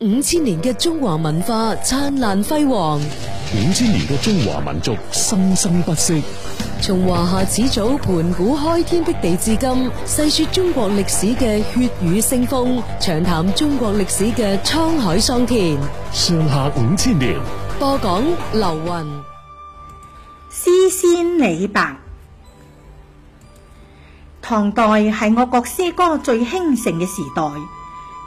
五千年嘅中華文化燦爛輝煌，五千年嘅中華民族生生不息。從華夏始祖盤古開天闢地至今，細說中國歷史嘅血雨腥風，長談中國歷史嘅滄海桑田。上下五千年，播講劉雲，詩仙李白，唐代係我國詩歌最興盛嘅時代。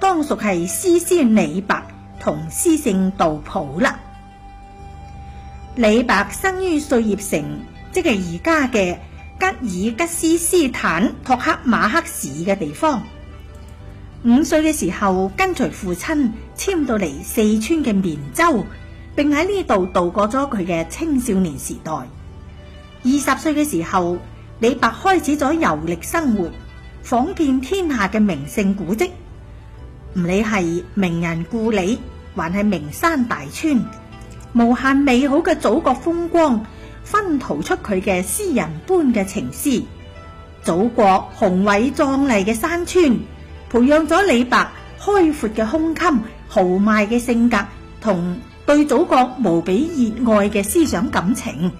當屬係詩仙李白同詩聖杜甫啦。李白生於碎葉城，即係而家嘅吉爾吉斯斯坦托克馬克市嘅地方。五歲嘅時候，跟隨父親遷到嚟四川嘅綿州，並喺呢度度過咗佢嘅青少年時代。二十歲嘅時候，李白開始咗遊歷生活，訪遍天下嘅名勝古跡。唔理係名人故里，還係名山大川，無限美好嘅祖國風光，熏陶出佢嘅詩人般嘅情思。祖國雄偉壯麗嘅山川，培養咗李白開闊嘅胸襟、豪邁嘅性格同對祖國無比熱愛嘅思想感情。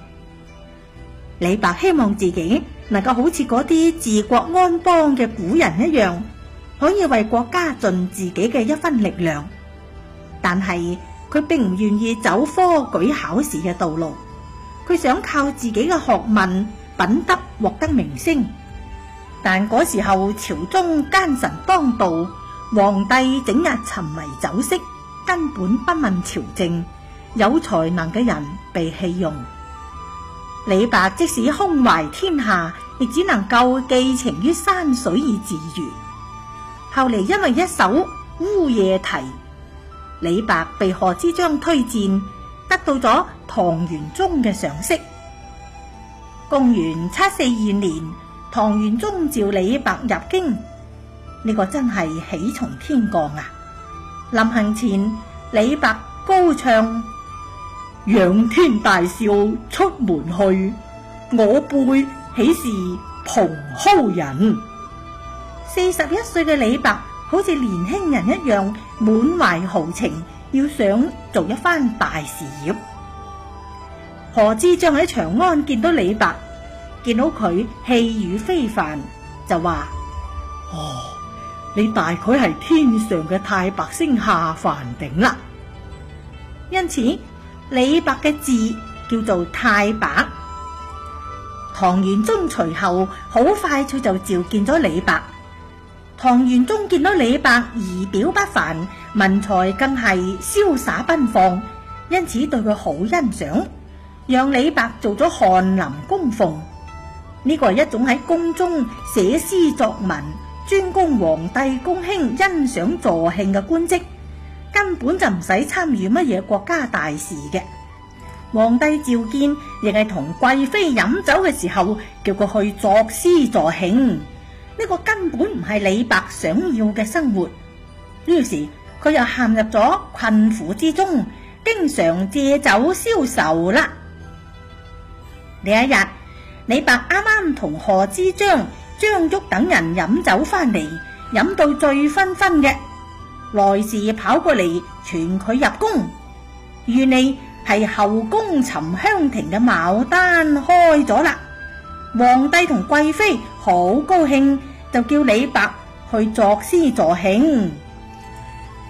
李白希望自己能夠好似嗰啲治國安邦嘅古人一樣。可以為國家盡自己嘅一分力量，但係佢並唔願意走科舉考試嘅道路。佢想靠自己嘅學問，品德獲得名聲。但嗰時候，朝中奸臣當道，皇帝整日沉迷酒色，根本不問朝政，有才能嘅人被棄用。李白即使胸懷天下，亦只能夠寄情於山水而自娛。後嚟因為一首《烏夜啼》，李白被賀知章推薦，得到咗唐玄宗嘅賞識。公元七四二年，唐玄宗召李白入京，呢、這個真係喜從天降啊！臨行前，李白高唱：仰天大笑出門去，我輩豈是蓬蒿人。四十一歲嘅李白好似年輕人一樣滿懷豪情，要想做一番大事業。賀知章喺長安見到李白，見到佢氣宇非凡，就話：哦，你大概係天上嘅太白星下凡頂啦。因此，李白嘅字叫做太白。唐玄宗隨後好快佢就召見咗李白。唐玄宗見到李白儀表不凡，文才更係瀟灑奔放，因此對佢好欣賞，讓李白做咗翰林供奉。呢、這個係一種喺宮中寫詩作文、專供皇帝公卿欣賞助興嘅官職，根本就唔使參與乜嘢國家大事嘅。皇帝召見，亦係同貴妃飲酒嘅時候，叫佢去作詩助興。呢個根本唔係李白想要嘅生活，於是佢又陷入咗困苦之中，經常借酒消愁啦。呢一日，李白啱啱同賀知章、張旭等人飲酒翻嚟，飲到醉醺醺嘅，內侍跑過嚟傳佢入宮，原來係後宮沉香亭嘅牡丹開咗啦，皇帝同貴妃好高興，就叫李白去作詩助興。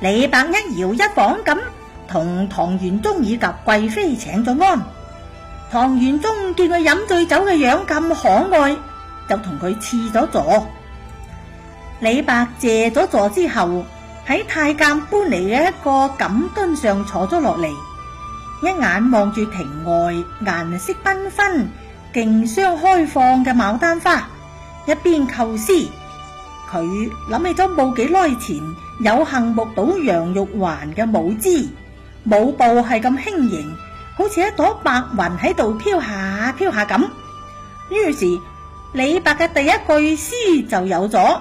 李白一搖一晃咁，同唐玄宗以及貴妃請咗安。唐玄宗見佢飲醉酒嘅樣咁可愛，就同佢賜咗座。李白借咗座之後，喺太監搬嚟嘅一個錦墩上坐咗落嚟，一眼望住庭外顏色繽紛、競相開放嘅牡丹花。一邊構思，佢諗起咗冇幾耐前有幸目睹楊玉環嘅舞姿，舞步係咁輕盈，好似一朵白雲喺度飄下飄下咁。於是李白嘅第一句詩就有咗：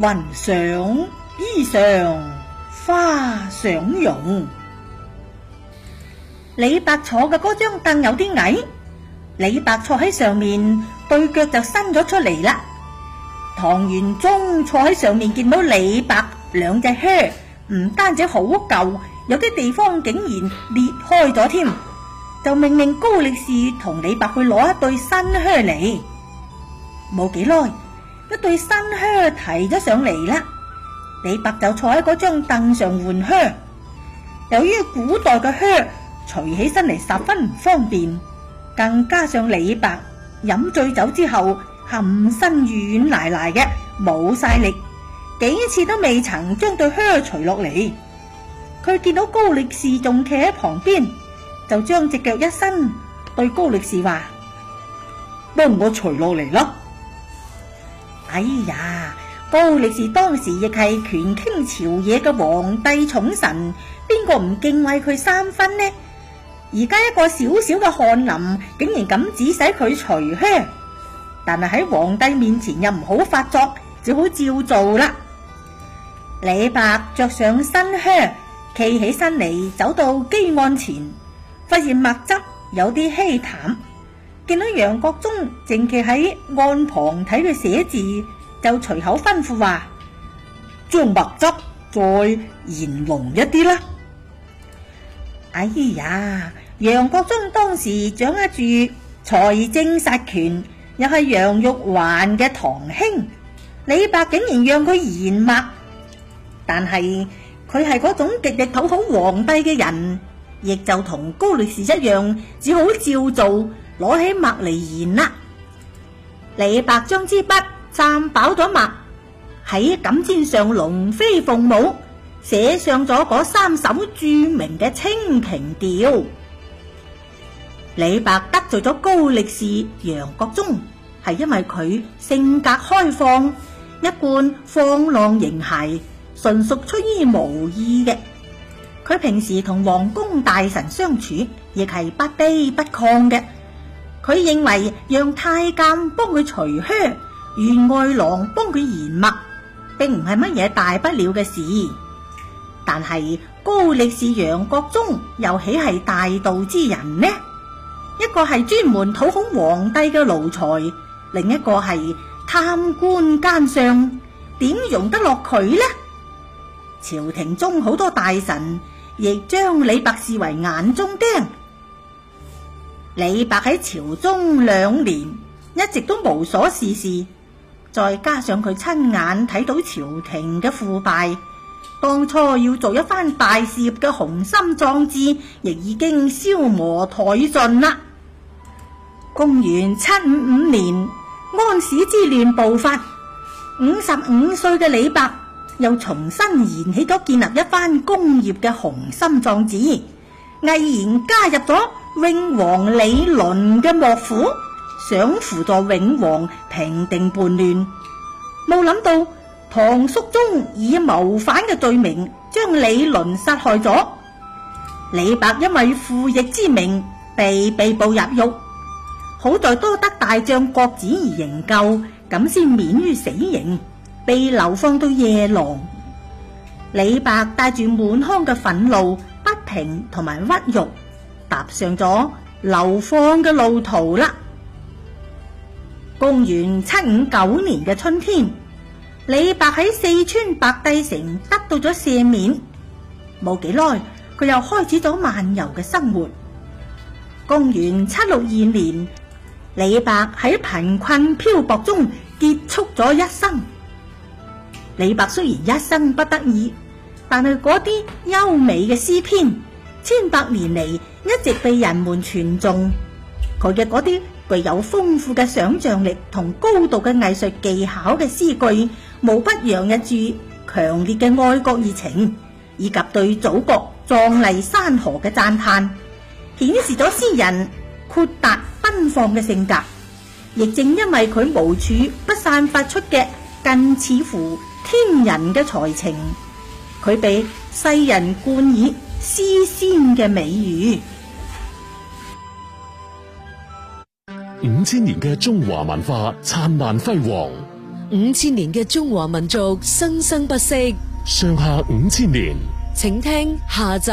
雲上衣裳花上容。李白坐嘅嗰張凳有啲矮。李白坐喺上面，對腳就伸咗出嚟啦。唐玄宗坐喺上面，見到李白兩隻靴唔單止好舊，有啲地方竟然裂開咗添。就命令高力士同李白去攞一對新靴嚟。冇幾耐，一對新靴提咗上嚟啦。李白就坐喺嗰張凳上換靴。由於古代嘅靴除起身嚟十分唔方便。更加上李白飲醉酒之後，含身軟賴賴嘅，冇晒力，幾次都未曾將對靴除落嚟。佢見到高力士仲企喺旁邊，就將隻腳一伸，對高力士話：幫我除落嚟啦！哎呀，高力士當時亦係權傾朝野嘅皇帝寵臣，邊個唔敬畏佢三分呢？而家一個小小嘅翰林，竟然咁指使佢除靴，但係喺皇帝面前又唔好發作，只好照做啦。李白着上新靴，企起身嚟，走到幾案前，發現墨汁有啲稀淡，見到楊國忠正企喺案旁睇佢寫字，就隨口吩咐話：將墨汁再研濃一啲啦。哎呀，楊國忠當時掌握住財政實權，又係楊玉環嘅堂兄，李白竟然讓佢研墨，但係佢係嗰種極力討好皇帝嘅人，亦就同高力士一樣，只好照做，攞起墨嚟研啦。李白將支筆蘸飽咗墨，喺錦氈上龍飛鳳舞。寫上咗嗰三首著名嘅《清平調》。李白得罪咗高力士、楊國忠，係因為佢性格開放，一貫放浪形骸，純屬出於無意嘅。佢平時同皇宮大臣相處亦係不卑不亢嘅。佢認為讓太監幫佢除靴，員外郎幫佢研墨，並唔係乜嘢大不了嘅事。但係高力士、楊國忠又豈係大度之人呢？一個係專門討好皇帝嘅奴才，另一個係貪官奸相，點容得落佢呢？朝廷中好多大臣亦將李白視為眼中釘。李白喺朝中兩年，一直都無所事事，再加上佢親眼睇到朝廷嘅腐敗。當初要做一番大事業嘅雄心壯志，亦已經消磨殆盡啦。公元七五五年，安史之亂爆發，五十五歲嘅李白又重新燃起咗建立一番功業嘅雄心壯志，毅然加入咗永王李璘嘅幕府，想輔助永王平定叛亂，冇諗到。唐肅宗以謀反嘅罪名將李倫殺害咗，李白因為附逆之名被被捕入獄，好在多得大將郭子儀營救，咁先免於死刑，被流放到夜郎。李白帶住滿腔嘅憤怒、不平同埋屈辱，踏上咗流放嘅路途啦。公元七五九年嘅春天。李白喺四川白帝城得到咗赦免，冇幾耐佢又開始咗漫遊嘅生活。公元七六二年，李白喺貧困漂泊中結束咗一生。李白雖然一生不得已，但係嗰啲優美嘅詩篇，千百年嚟，一直被人們傳頌。佢嘅嗰啲具有豐富嘅想象力同高度嘅藝術技巧嘅詩句。無不洋溢住強烈嘅愛國熱情，以及對祖國壯麗山河嘅讚嘆，顯示咗詩人豁達奔放嘅性格。亦正因為佢無處不散發出嘅更似乎天人嘅才情，佢俾世人冠以詩仙嘅美譽。五千年嘅中華文化燦爛輝煌。五千年嘅中華民族生生不息，上下五千年，請聽下集。